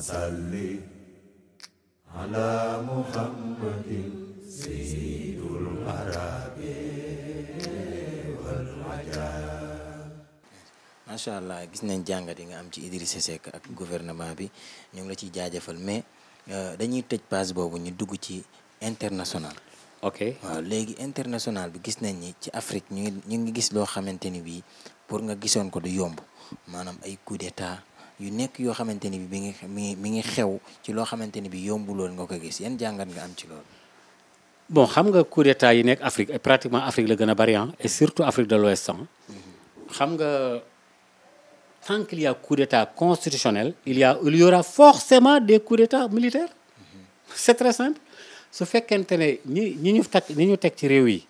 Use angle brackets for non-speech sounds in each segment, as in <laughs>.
salli ala muhammadin allah gis nañ jàngat yi nga am ci Idrissa Seck ak gouvernement bi ñu ngi la ciy jaajëfal mais euh, dañuy tëj pass boobu ñu dugg ci international ok waaw léegi international bi gis nañ ni ci Afrique ñu ngi ñu gis loo xamante ni bii pour nga gisoon ko du yomb maanaam ay coup d'état yu nekk yoo xamante ni bi mi ngi mi ngi mi ngi xew ci loo xamante ni bi yombuloon nga ko gis yan jàngat nga am ci loolu. bon xam nga coup d'état yi nekk Afrique et pratiquement Afrique la gën a bari et surtout Afrique de l'Ouest mm-hmm. xam nga tant qu'il y a coup d'état constitutionnel il y a il y forcément des coups d'état militaires mm-hmm. c'est su fekkente ne ñi ñi ñu ñu teg ci réew yi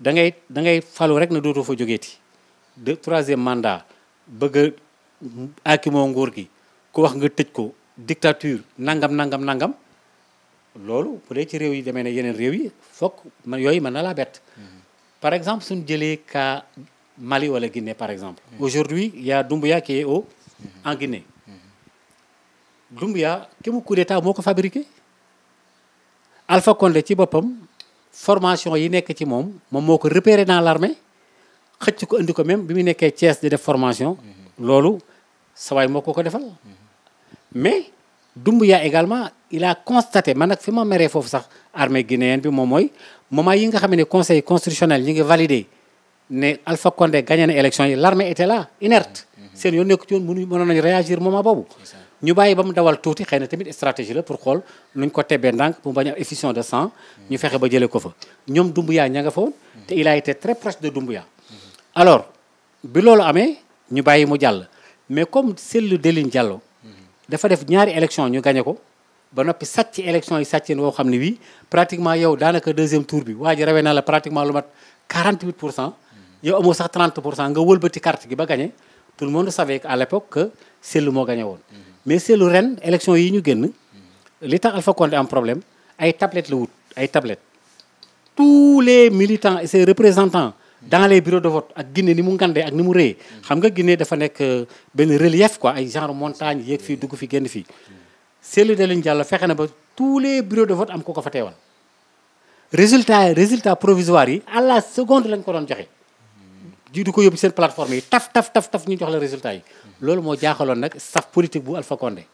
dangay ngay da falu rek na dootoo fa jógeeti de troisième mandat bëgg aakimoo nguur gi ku wax nga tëj ko dictature nangam nangam nangam loolu bu dee ci réew yi demee na yeneen réew yi foog man yooyu mën na laa bett mm-hmm. par exemple suñ jëlee cas Mali wala Guinée par exemple mm-hmm. aujourd'hui y a Doumbouya qui est au mm-hmm. en Guinée Doumbouya ki mu coup d'état moo ko fabriqué Alpha Condé ci boppam formation yi nekk ci moom moom moo ko repéré dans l'armée xëcc ko indi ko même bi mu nekkee Thiès di def formation loolu sawaay moo ko ko defal mais Doumbouya également il a constaté man nag fi ma meree foofu sax armée guinéenne bi moom mooy moment yi nga xam ne conseil constitutionnel ñi ngi validé ne Alpha Condé gagné na élection yi l'armée était là inerte mhm. seen yoon nekku ci yoon mënu mënoon nañu réagir moment boobu ñu bàyyi ba mu dawal tuuti xëy na tamit stratégie la pour xool nuñ ko tebbee ndànk pour bañ a effusion de sang ñu mhm. fexe ba jële ko fa ñoom Doumbouya ña nga fa te mhm. il a très proche de Doumbouya alors ñu bàyyi mu jàll mais comme Cellou Dalein Diallo dafa def ñaari élection ñu gañe ko ba noppi sàcc élection yi sàcceen woo xam ne wii pratiquement yow daanaka deuxième tour bi waa ji rawee na la pratiquement lu mat 48 pour cent yow amoo sax 30 pour cent nga wëlbati carte gi ba gañe tout le monde savait à l'époque que Cellou moo gañe woon mais Cellou ren élection yi ñu génn li tax Alpha Condé am problème ay tablettes la wut ay tablettes tous les militants et ses dans les bureaux de vote ak Guinée ni mu ngandee ak ni mu réyee mm. xam nga Guinée dafa nekk euh, benn relief quoi ay genre montagne yéeg fii mm. dugg fi génn fii Cellou Dalein jàll fexe na ba tous les bureaux de vote am ko ko fa teewal résultat résultat provisoire yi à la seconde lañ ko doon joxe mm. di du ko yóbbu seen plateforme yi taf taf taf taf ñu jox la résultat yi loolu moo jaaxaloon nag staff politique bu Alpha Condé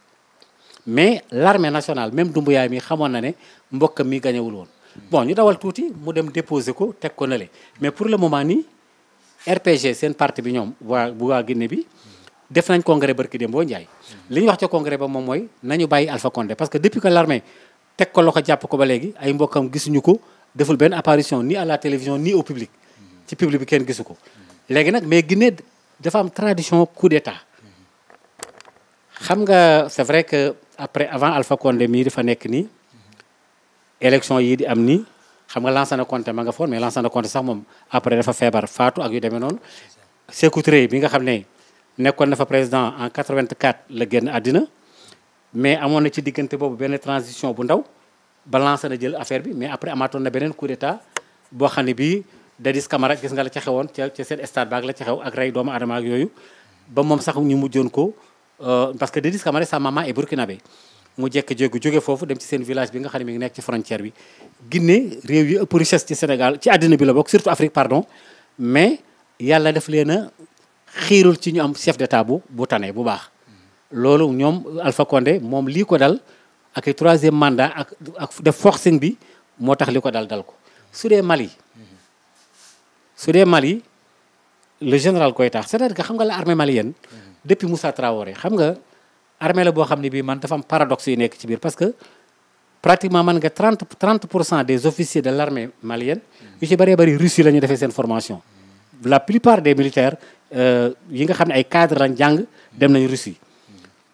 mais l'armée nationale même Doumbouya mii xamoon na ne mbokkam mi gañewul woon bon ñu dawal tuuti mu dem déposer ko teg ko nale mais pour le moment nii RPG seen parti bi ñoom waa bu waa Guinée bi def nañ congrès barki dem boo Ndiaye. li ñu wax ca congrès ba moom mooy nañu bàyyi Alpha Condé parce que depuis que l'armée teg ko loxo jàpp ko ba léegi ay mbokkam gisuñu ko deful benn apparition ni à la télévision ni au public. ci public bi kenn gisu ko. léegi nag mais ginne dafa am tradition coup d'état xam nga c'est vrai que après avant Alpha Condé mii dafa nekk nii. élection yii di am nii xam nga Lansana Conté ma nga foon mais Lansana Conté sax moom après dafa feebar faatu ak yu demee noonu Sékou bi nga xam ne nekkoon na fa président en 84 la génn àddina mais amoon na ci diggante boobu benn transition bu ndaw ba na jël affaire bi mais après amaatoon na beneen coup d'état boo xam ne bii Dadis Camara gis nga la ca xewoon ca ca seen stade baag la ca xew ak rey doomu aadama ak yooyu ba moom sax ñu mujjoon ko euh, que Dadis Camara sa maman est mu jekk jéegu jóge foofu dem ci seen village bi nga xam ne mi ngi nekk ci frontière bi Guinée réew yi ëpp richesse ci Sénégal ci àddina bi la bokk surtout Afrique pardon mais yàlla def leen a xiirul ci ñu am chef d'état bu bu tane bu baax loolu ñoom Alpha Condé moom lii ko dal ak i troisième mandat ak ak def forcing bi moo tax li ko dal dal ko su dee Mali su dee Mali le général Goïta cest à xam nga la armée malienne mhm. depuis Moussa Traoré xam nga armée la boo xam ne bii man dafa am paradoxe yu nekk ci biir parce que pratiquement man nga 30 30 pour cent des officiers de l' armée malienne yu ci bëree bëri Russie la ñu defee seen formation la plupart des militaires euh, yi nga xam ne ay cadre lañ jàng dem nañ Russie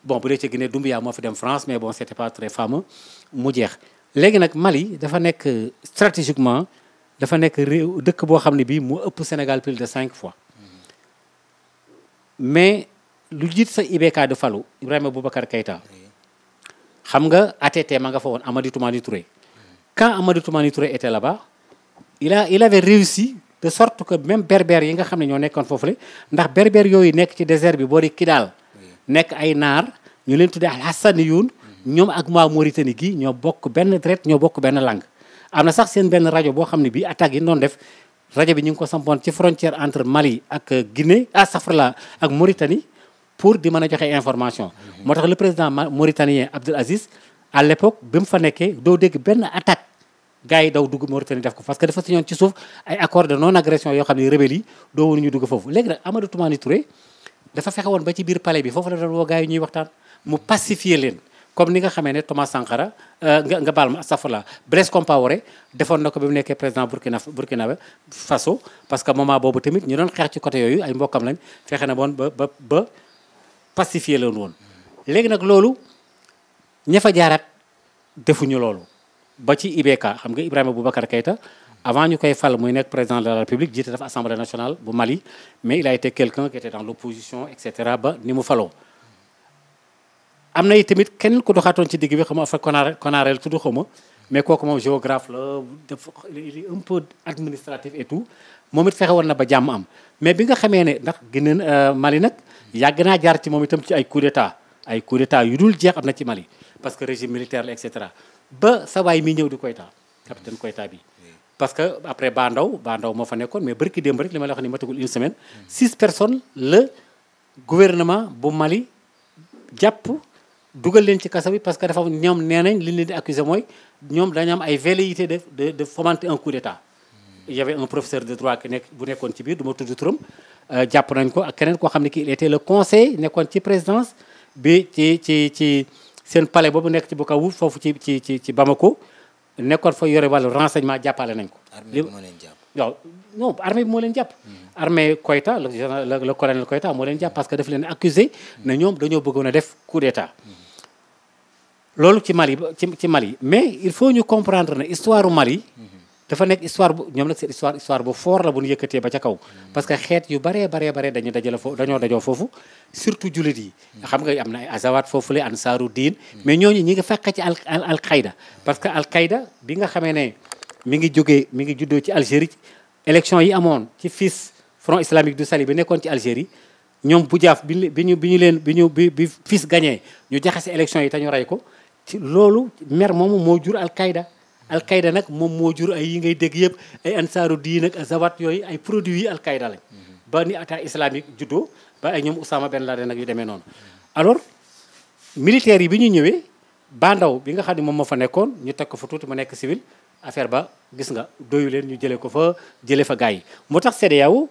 bon bu dee ci Guinée Doumbouya moo fi dem France mais bon c' était pas très fameux mu jeex léegi nag Mali dafa nekk stratégiquement dafa nekk réew dëkk boo xam ne bii mu ëpp Sénégal plus de cinq fois lu jiit sa IBK de falu Ibrahima Boubacar Keita xam nga ATT ma nga fa woon Amadi Toumani Touré quand Amadi Toumani Touré était la bas il a il avait réussi te sorte que même berbère yi nga xam ne ñoo nekkoon foofu le ndax berbère yooyu nekk ci désert bi boo di Kidal nekk ay naar ñu leen tuddee al Hassaniyun ñoom ak waa Mauritanie gi ñoo bokk benn deret ñoo bokk benn langue am na sax seen benn rajo boo xam ne bii attaque yi doon def rajo bi ñu ngi ko sampoon ci frontière entre Mali ak Guinée ah safrala ak Mauritanie pour di mën a joxe information. moo tax le président mauritanien Abdel Aziz à l' époque mu fa nekkee doo dégg benn attaque gars daw dugg Mauritanie def ko parce que dafa si ñoon ci suuf ay accord non agression yoo xam ne rebelle doo woon ñu dugg foofu léegi nag Amadou Toumani Touré dafa fexe woon ba ci biir palais bi foofu la doon woo gars ñuy waxtaan mu pacifier leen. comme ni nga xamee ne Thomas Sankara euh, nga baal ma astafurlah Blaise Compaoré defoon na ko bi mu nekkee président Burkina Burkina Faso parce que moment boobu tamit ñu doon pacifié leen woon léegi nag loolu ña fa jaaraat defuñu loolu ba ci IBK xam nga Ibrahima Boubacar Keïta avant ñu koy fal muy nekk président de la République jiite dafa assemblée nationale bu Mali mais il a été quelqu'un qui était dans l'opposition et cetera ba ni mu faloo am na tamit kenn ku doxaatoon ci digg bi xam nga fa Konaare Konaareel tudd xawma mais kooku moom géographe la dafa un peu administratif et tout moom it fexewoon na ba jàmm am mais bi nga xamee ne ndax génne euh, Mali nag yàgg naa jaar ci moom itam ci ay coup d'état ay coup d'état yu dul jeex am na ci Mali parce que régime militaire la cetera ba sa waay mi ñëw di Koyta koy Koyta bi parce que après Bandaw Bandaw moo fa nekkoon mais bërki démb rek li ma la wax ni matagul une semaine six personnes la gouvernement bu Mali jàpp dugal leen ci kaso bi parce que dafa ñoom nee nañ li ñu leen di accusé mooy ñoom dañu am ay velléité de de fomenter un coup d'état il y avait un professeur de droit nekk bu nekkoon ci biir du ma turam Euh, jàpp nañ ko ak keneen koo xam ne kii il te le conseil nekkoon ci présidence bi ci ci ci seen palais boobu nekk ci Bukavu foofu ci ci ci ci Bamako nekkoon foo yore wàllu renseignement jàppale nañ ko. armée moo leen jàpp waaw non armée bi moo leen jàpp. Hmm. armée Koïta le le le colonel Koïta moo leen jàpp parce que daf leen accusé hmm. ne ñoom dañoo bëggoon a def coup d'état hmm. loolu ci Mali ci ci Mali mais il faut ñu comprendre ne histoire Mali. dafa nekk histoire bu ñoom nag seen histoire histoire bu fort la bu ba ca kaw parce que xeet yu baree baree baree dañu dajale foofu dañoo dajoo foofu surtout jullit yi hmm. xam nga am na ay azawaat foofu la ansaaru diin hmm. mais ñooñu ñi ngi fekk ci al alqayda parce que alqayda bi nga xamee ne mi ngi jóge mi ngi juddoo ci Algérie élection yi amoon ci fils front islamique du Sali bi nekkoon ci Algérie ñoom bu jaaf bi bi ñu bi ñu leen bi ñu bi bi fils gagné ñu jaxase élection yi te ñu rey ko ci loolu mer moomu moo jur alqayda alkayda nag moom moo jur ay yi ngay dégg yëpp ay ansaaru diin ak zawat yooyu ay produits yi alkayda lañ mhm. ba ni état islamique juddoo ba ay ñoom Oussama Ben Laden nag yu demee noonu alors militaires yi bi ñuy ñëwee bandaw bi nga xam ne moom moo fa nekkoon ñu teg ko fa tuuti mu nekk civil affaire ba gis nga doyu leen ñu jëlee ko fa jëlee fa gars yi moo tax CEDEAO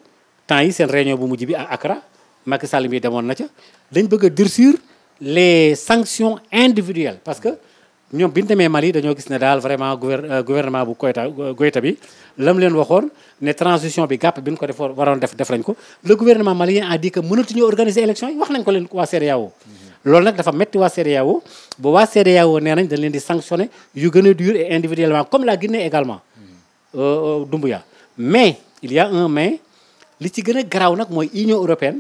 temps yi seen réunion bu mujj bi à Accra Macky Sall mi demoon na ca dañ bëgg a durcir les sanctions individuelles parce que ñoom bi ñu demee Mali dañoo gis ne daal vraiment euh, gouvernement bu Koïta euh, Goïta bi la leen waxoon ne transition bi gàpp bi ñu ko def waroon def def nañ ko le gouvernement malien a dit que yi wax waa CEDEAO mhm. nee nañ dañ leen di sanctionner yu gën a dur et individuellement comme la Guinée également mhm. euh, Doumbouya mais il y mais li ci gën a garaaw nag mooy Union européenne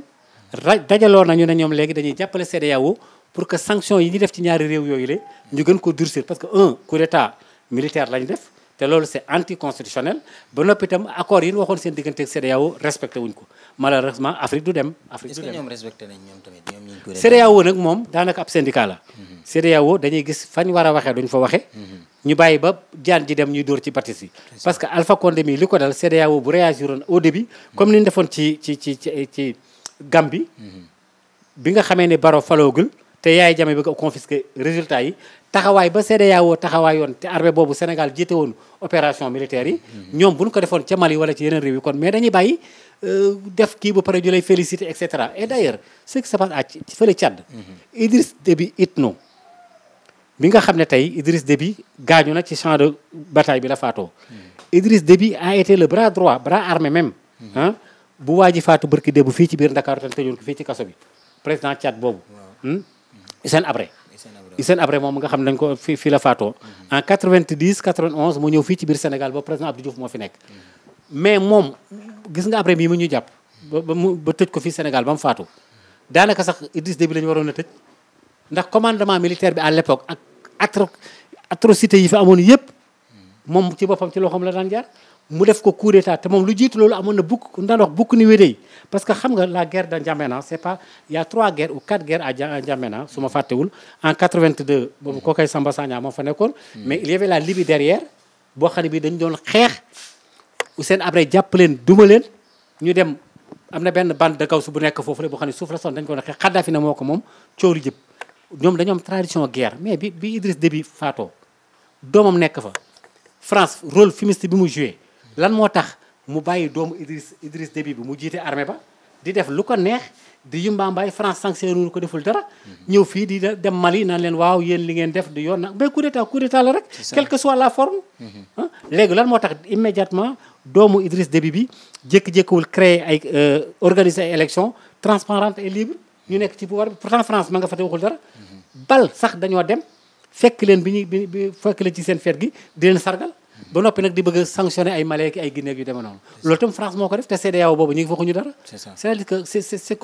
dajaloo nañu ne ñoom léegi dañuy jàppale CEDEAO pour que sanction yi ñu def ci ñaari réew yooyu le ñu gën ko durcir parce que un coup d'état militaire lañu def te loolu c'est anticonstitutionnel ba noppi itam accord yi ñu waxoon seen diggante ak CEDEAO respecté wuñ ko malheureusement Afrique du dem. Afrique du dem est-ce que nañ ñoom tamit ñoom ñu ko. E CEDEAO nag moom daanaka ab syndicat la. Mhm. CEDEAO dañuy gis fañ war a waxee dañu fa waxee. Mhm. ñu bàyyi ba jaan ji dem ñuy dóor ci partis yi. parce que Alpha Condé mi li ko dal CEDEAO bu réagiroon au début. comme ni ñu defoon ci ci ci ci Gambie. Mhm. bi nga xamee ne Barrow faloogul. te yaay jame bëgg a confisquer résultat yi taxawaay ba taxawaay yoon te armée boobu Sénégal jiite woon opération militaire yi hmm. ñoom bu ñu ko defoon ca Mali wala ci yeneen réew yi kon mais dañuy bay euh, def kii ba pare ñu lay féliciter et cetera et d'ailleurs ce qui se passe à ci fële Tchad hmm. Idriss it Itno bi nga xam ne tey Idriss bi gaañu na ci champ de bataille bi la faatoo hmm. Idriss Déby a été le bras droit bras armé même bu waa ji faatu barki bu fii ci biir Ndakaaru tan tëjoon ko fii ci kaso bi président Tchad boobu Hissène Habré Hissène Habré moom nga xam dañ ko fi fi la faatoo mhm. en 90 91 mu ñëw fii ci biir Sénégal ba président Abdou Diouf moo fi nekk mhm. mais moom gis nga Habré mii mu ñuy jàpp ba mu ba tëj ko fii Sénégal ba mu faatu daanaka sax Idriss Déby la ñu waroon a tëj ndax commandement militaire bi à l'époque ak atrocité yi fi amoon yëpp mhm. moom ci boppam ci loxoom la daan jaar mu def ko coup d'état te moom lu jiit loolu amoon na bukk ndaan wax bukk ni wédey parce que xam nga la guerre de N'Djamena c'est pas il y a trois guerres ou quatre guerres à N'Djamena su ma fàttewul en 82 boobu kookoy Samba Sagna moo fa nekkoon mais il y avait la Libye derrière boo xam ne bi dañu doon xeex seen Habré jàpp leen duma leen ñu dem am na benn bande de Gaoussou bu nekk foofu la boo xam ne suuf la son dañu ko doon xeex Kadhafi na moo ko moom coori jëpp ñoom dañoo tradition guerre mais bi bi Idriss Déby faatoo doomam nekk fa France rôle fumiste bi mu joué lan moo tax mu bàyyi doomu Idriss Idriss Déby bi mu jiite armée ba di def lu ko neex di yumbaambaay France sanctionné ko deful dara mhm. ñëw fii di dem Mali naan leen waaw yéen li ngeen def di yoon nag mais coup d'état coup d'état la rek quelle que soit la forme mhm. léegi lan moo tax immédiatement doomu Idriss Déby bi jékki-jékkiwul créer ay euh, organiser ay élection transparente et libre ñu nekk ci pouvoir bi pourtant France ma nga fa te waxul dara mhm. bal sax dañoo dem fekk leen bi ñuy bi fekk leen ci seen fête gi di leen ba noppi nag di bëgg a sanctionner ay Mali ak ay Guinée yu demee noonu loolu itam France moo ko def te CEDEAO boobu ñu ngi foofu ñu dara c'est-à-dire que c'est c'est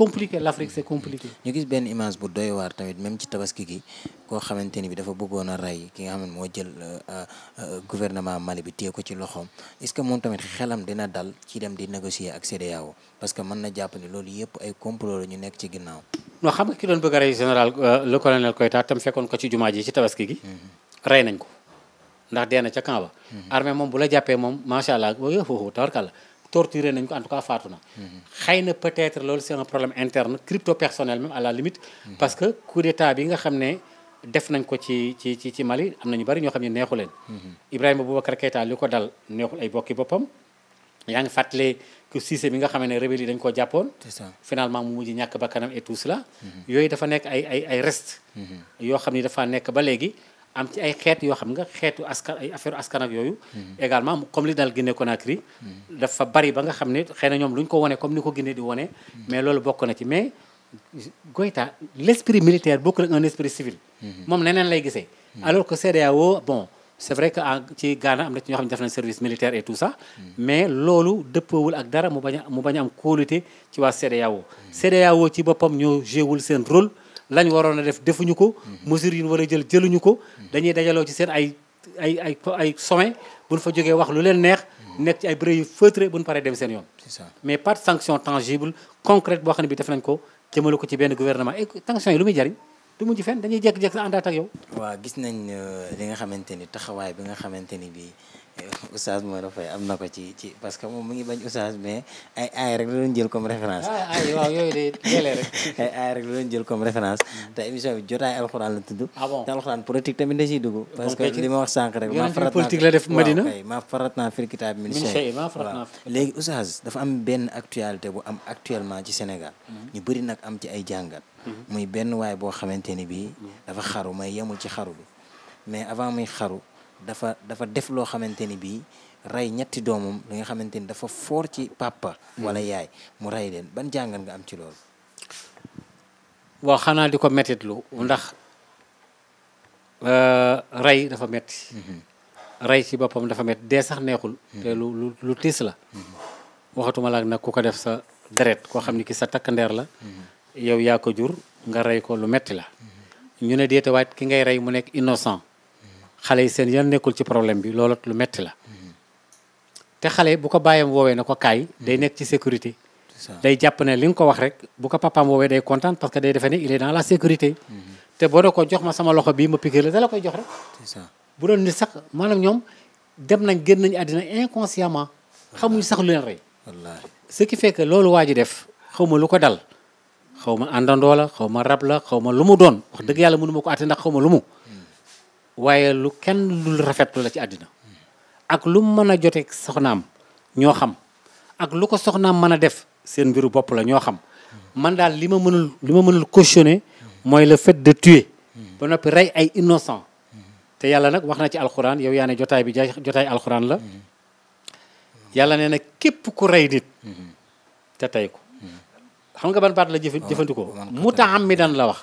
gis benn image bu doy waar tamit même ci tabaski gi koo xamante ni bi dafa bëggoon a rey ki nga moo jël euh, euh, gouvernement Mali bi téye ko ci loxoom est-ce que moom tamit xelam dina dal ci dem di négocier ak CEDEAO parce que mën na jàpp ni loolu yëpp ay complot la ñu nekk ci ginnaaw non xam nga ki doon bëgg a rey général euh, le colonel Koïta tam fekkoon ko ci jumaa ji ci tabaski gi mm-hmm. rey nañ ko ndax dee na ca camp ba moom bu la jàppee moom macha allah foofu tawarkàlla torturé nañ ko en faatu na xëy na peut-être loolu c'est un problème interne crypto personnel même à la limite parce que coup d'état bi nga xam ne def nañ ko ci ci ci ci Mali am na ñu bari ñoo xam ne neexu leen Ibrahima Boubacar Keïta li ko dal neexul ay bokki boppam yaa ngi fàttale que bi nga xam ne rebelle yi dañ koo jàppoon finalement mu mujj ñàkk bakkanam et tout la mhm. yooyu dafa nekk ay ay ay mhm. yoo xam ni dafa nekk ba léegi am ci ay xeet yoo xam nga xeet askan ay affaire askan ak yooyu. également comme li dal Guinée Conakry. dafa bari ba nga xam ne xëy na ñoom lu ñu ko wone comme ni ko Guinée di wone. mais loolu bokk na ci mais Goïta l' esprit militaire bokkul ak un esprit civil. moom neneen lay gisee. alors que CEDEAO bon c' est vrai que ci Ghana am na ci ñoo xam ne def nañ service militaire et tout ça. mais loolu dëppoowul ak dara mu bañ a mu bañ am kóolute ci waa CEDEAO. CEDEAO ci boppam ñoo jéewul seen rôle. lañ waroon a def defuñu ko mesures yi ñu war a jël jëluñu ko dañuy dajaloo ci seen ay ay ay ay sommet buñ fa jógee wax lu leen neex nekk ci ay bëré yu feutré buñ paree dem seen yoon mais pas de sanction tangible concrète boo xam ne bi def nañ ko jëmale ko ci benn gouvernement et sanctions yi lu muy jariñ du mujj fenn dañuy jékki-jékki sa àndaat ak yow. waaw gis nañ euh, li nga xamante ni taxawaay bi nga xamante ni bii euh, oustaz Modou Faye am na ko ci ci parce que moom mu ngi bañ oustaz mais ay jël comme référence. Ah, yooyu de jëlee rek. <laughs> jël comme référence. Mm. te émission bi jotaay alxuraan la tudd. ah bon te que li ma wax sànq léegi oustaz dafa am benn actualité bu am actuellement ci Sénégal. Mm. ñu bëri nag am ci ay jàngat. muy benn waay boo xamante ni bii dafa xaru may yemul ci xaru bi mais avant muy xaru dafa dafa def loo xamante ni bii rey ñetti doomam li nga xamante ni dafa foor ci papa. wala mm. yaay mu rey leen ban jàngat nga am ci loolu. waaw xanaa di ko lu ndax euh, rey dafa metti mm-hmm. rey ci boppam dafa metti dee sax neexul. Mm-hmm. te lu lu lu tiis la. Mm-hmm. waxatuma la nag ku ko def sa deret koo xam ni ki sa takk ndeer la. yow yaa ko jur nga rey ko lu metti la mm-hmm. ñu ne déetawaat ki ngay rey mu nekk innocent mm-hmm. xale yi seen yan nekkul ci problème bi loolu lu metti la mm-hmm. te xale bu ko bàyyam woowee na ko kaay day nekk ci sécurité day jàpp ne li nga ko wax rek bu ko papaam woowee day kontaan parce que day defe ne il est dans la sécurité te boo doo ko jox ma sama loxo bii ma piqué la da la koy jox rek bu doon nit sax maanaam ñoom dem nañ génn nañu àddina inconsciemment xamuñu sax lu leen rey ce loolu waa ji def xawma lu ko dal xaw ma àndandoo la xaw ma rab la xaw ma lu mu doon wax dëgg yàlla mënu ma ko àtte ndax xaw ma lu waaye lu kenn lu rafetlu la ci àddina ak lu mën a joteeg soxnaam ñoo xam ak lu ko soxnaam mën a def seen mbiru bopp la ñoo xam man daal li ma mënul li ma mënul cautionner mooy le fait de tuer ba noppi rey ay innocent te yàlla nag wax na ci alxuraan yow yaa ne jotaay bi jaay jotaay alxuraan la yàlla nee na képp ku rey nit te tey ko xam nga ban baat la jëf oh, jëfandikoo mutaamidan la wax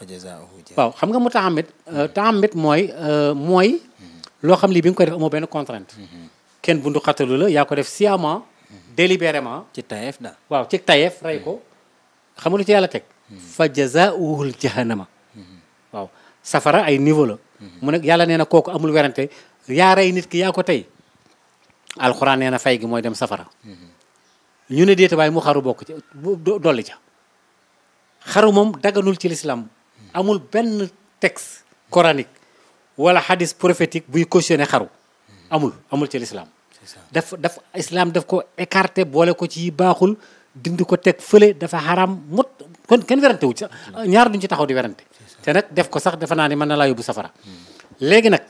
waaw xam nga mutaamid euh, taamid mooy euh, mooy mm-hmm. loo xam lii bi nga ko def amoo benn contrainte mm-hmm. kenn bundu xatalu la yaa ko def si sciemment mm-hmm. délibérément ci tayef daal waaw ci tayef rey ko xam lu ci yàlla teg fa jazaa'uhul jahannama waaw safara ay niveau la mu ne yàlla nee na kooku amul werante yaa rey nit ki yaa ko tey alxuraan nee na fay gi mooy dem safara ñu ne déeta waaye mu xaru bokk ci dolli ca xaru moom daganul ci lislaam amul benn tex coranique wala hadis prophétique buy cautionné xaru amul amul ci lislaam daf daf islam daf ko écarté boole ko ci baaxul dindi ko teg fële dafa xaram mot kon kenn werante wu ci ñaar duñ ci taxaw di werante te nag def ko sax defe naa ne mën na laa yóbbu safara léegi nag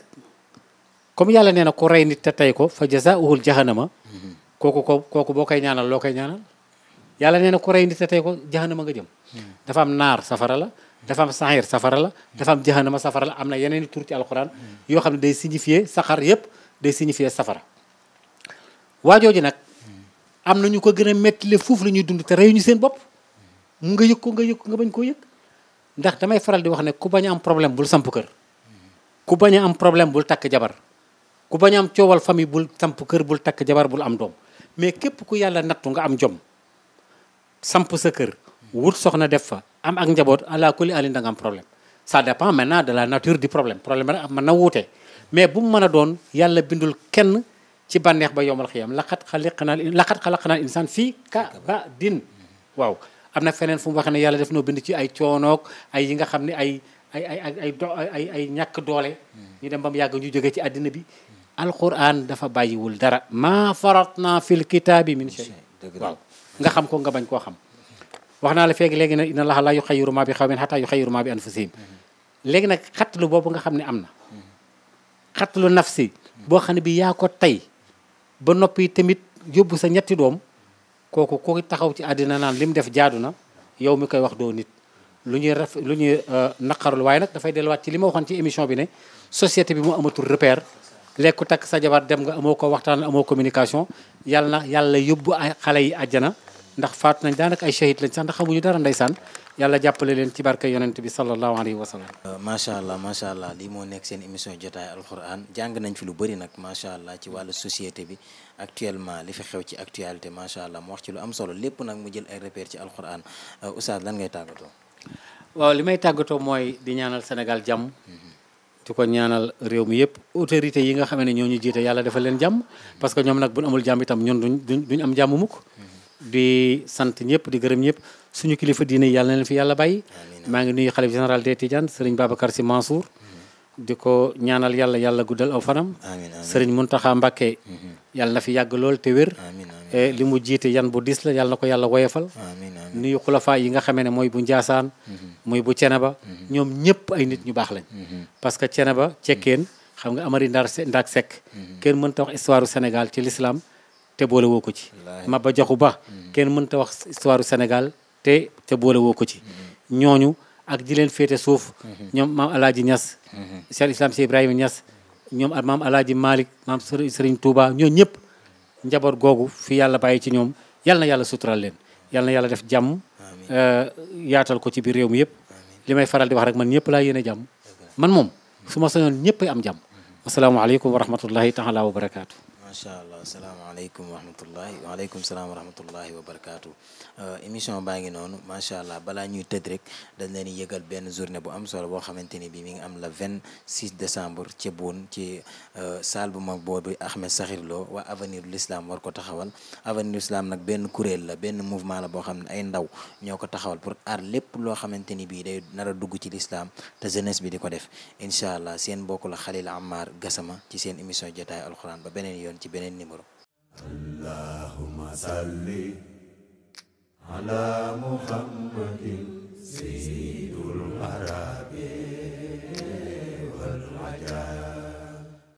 comme yàlla nee na ku rey nit te tey ko fa jazaa'uhul jahannama mm-hmm. kooku ko kooku boo koy ñaanal loo koy ñaanal yàlla nee na ku rey nit te tey ko jahanama nga jëm hmm. dafa am naar safara la dafa am saxir safara la hmm. dafa am jahanama safara la am na yeneen i tur ci alxuraan hmm. yoo xam ne day signifier saxar yépp day signifier safara waajooju nag am na ñu ko gën a mettile foofu la ñuy dund te rey ñu seen bopp mu nga yëg ko nga yëg ko nga bañ koo yëg ndax damay faral di wax ne ku bañ am problème bul samp kër ku bañ a am problème bul takk jabar ku bañ am coowal famille bul samp kër bul takk jabar bul am doom mais képp ku yàlla nattu nga am jom samp sa kër wut soxna def fa am ak njaboot ala kulli alin da nga am problème ça dépend maintenant de la nature di problème problème rek mën na wuute mais bu mu mën a doon yàlla bindul kenn ci bànneex ba yomal xiyam laqat xalaqnal laqat xalaqnal insaan fii ka ba din waaw am na feneen fu waxee ne yàlla def noo bind ci ay coonoog ay yi nga xam ne ay ay ay ay ay ay ñàkk doole ñu dem ba mu yàgg ñu jógee ci àddina bi alquran dafa bàyyiwul dara maa faratna fil kitaabi min shay nga xam ko nga bañ koo xam wax naa la feegi léegi nag inna Allaha laa yuxayyiru maa bi xawmin hattaa yuxayyiru maa bi anfusihim léegi nag xattalu boobu nga xam ne am na xattalu si boo xam ne bi yaa ko tey ba noppi tamit yóbbu sa ñetti doom kooku ku taxaw ci àddina naan lim def jaadu na yow mi koy wax doo nit lu ñuy raf lu ñuy euh, naqarul waaye nag dafay delluwaat ci li ma waxoon ci émission bi ne société bi mu amatul repère lekku takk sa jabar dem nga amoo ko waxtaan amoo communication yàlla na yàlla yóbbu ay xale yi àjjana ndax faatu nañ daanaka ay shahid lañ sax ndax xamuñu dara ndeysaan yàlla jàppale leen ci barke yonent bi sallallahu alayhi wa sallam euh, macha allah macha allah lii moo nekk seen émission jotaay alquran jàng nañ fi lu bëri nag macha allah ci wàllu société bi actuellement li fi xew ci actualité macha allah mu wax ci lu am solo lépp nag mu jël ay repères ci alquran euh, oustaz ngay tàggatoo waaw li mooy di ñaanal di ko ñaanal réew mi yëpp autorité yi nga xam ne ñoo ñu yàlla dafa leen jàmm parce que ñoom nag buñ amul jàmm itam ñun duñ am jàmm mukk di sant ñëpp di gërëm ñëpp suñu kilifa diine yàlla na leen fi yàlla bàyyi maa ngi nuyu xalif général des Tidianes sëriñ Babacar Sy Mansour di ko ñaanal yàlla yàlla guddal aw fanam sëriñ Muntaxa Mbàkke yàlla na fi yàgg lool te wér E li mu jiite yan bu dis la yàlla na ko yàlla woyefal nuyu xulafa yi nga xamee ne mooy bu njaasaan muy mm-hmm. bu Ceneba mm-hmm. ñoom ñëpp ay nit ñu baax lañ mm-hmm. parce que Ceneba cekkeen xam nga amari ndar ndaak sekk kenn mën ta wax histoire u Sénégal ci l'islam te boole woo ko ci Maba Jaxu Ba kenn mën wax histoire u Sénégal te te boole woo ko ci ñooñu ak di leen féete suuf ñoom maam alaaji Ñas Cheikh Islam si Ibrahima Ñas ñoom maam alaaji Malick maam Serigne Touba ñoo ñëpp njaboot googu fi yàlla bàyyi ci ñoom yàlla yàlla sutural leen yàlla yàlla def jàmm euh, yaatal ko ci biir réew mi yëpp li may faral di wax rek man ñëpp laa yéene jàmm man moom suma ma sañoon ñëpp am jàmm mm-hmm. asalaamaaleykum wa rahmatullahi taala wa barakaatu macha allah asalaamaaleykum wa rahmatullahi waaleykum salaam wa rahmatullahi wa Euh, émission baa ngi noonu macha allah balaa ñuy tëj rek dañ leen di yëgal benn journée bu am solo boo xamante ni bii mi ngi am le 26 décembre ci Boune ci euh, saal bu mag boobu Ahmed Sakhir Lo waa avenir de war ko taxawal avenir l'islam nag benn kuréel la benn mouvement la boo xam ne ay ndaw ñoo ko taxawal pour aar lépp loo xamante ni bii day nar a dugg ci l'islam te jeunesse bi di ko def incha allah seen mbokk la Khalil Amar Gassama ci seen émission jotaay alxuraan ba beneen yoon ci beneen numéro. ala muhammadin sayyidul arabi wal ajam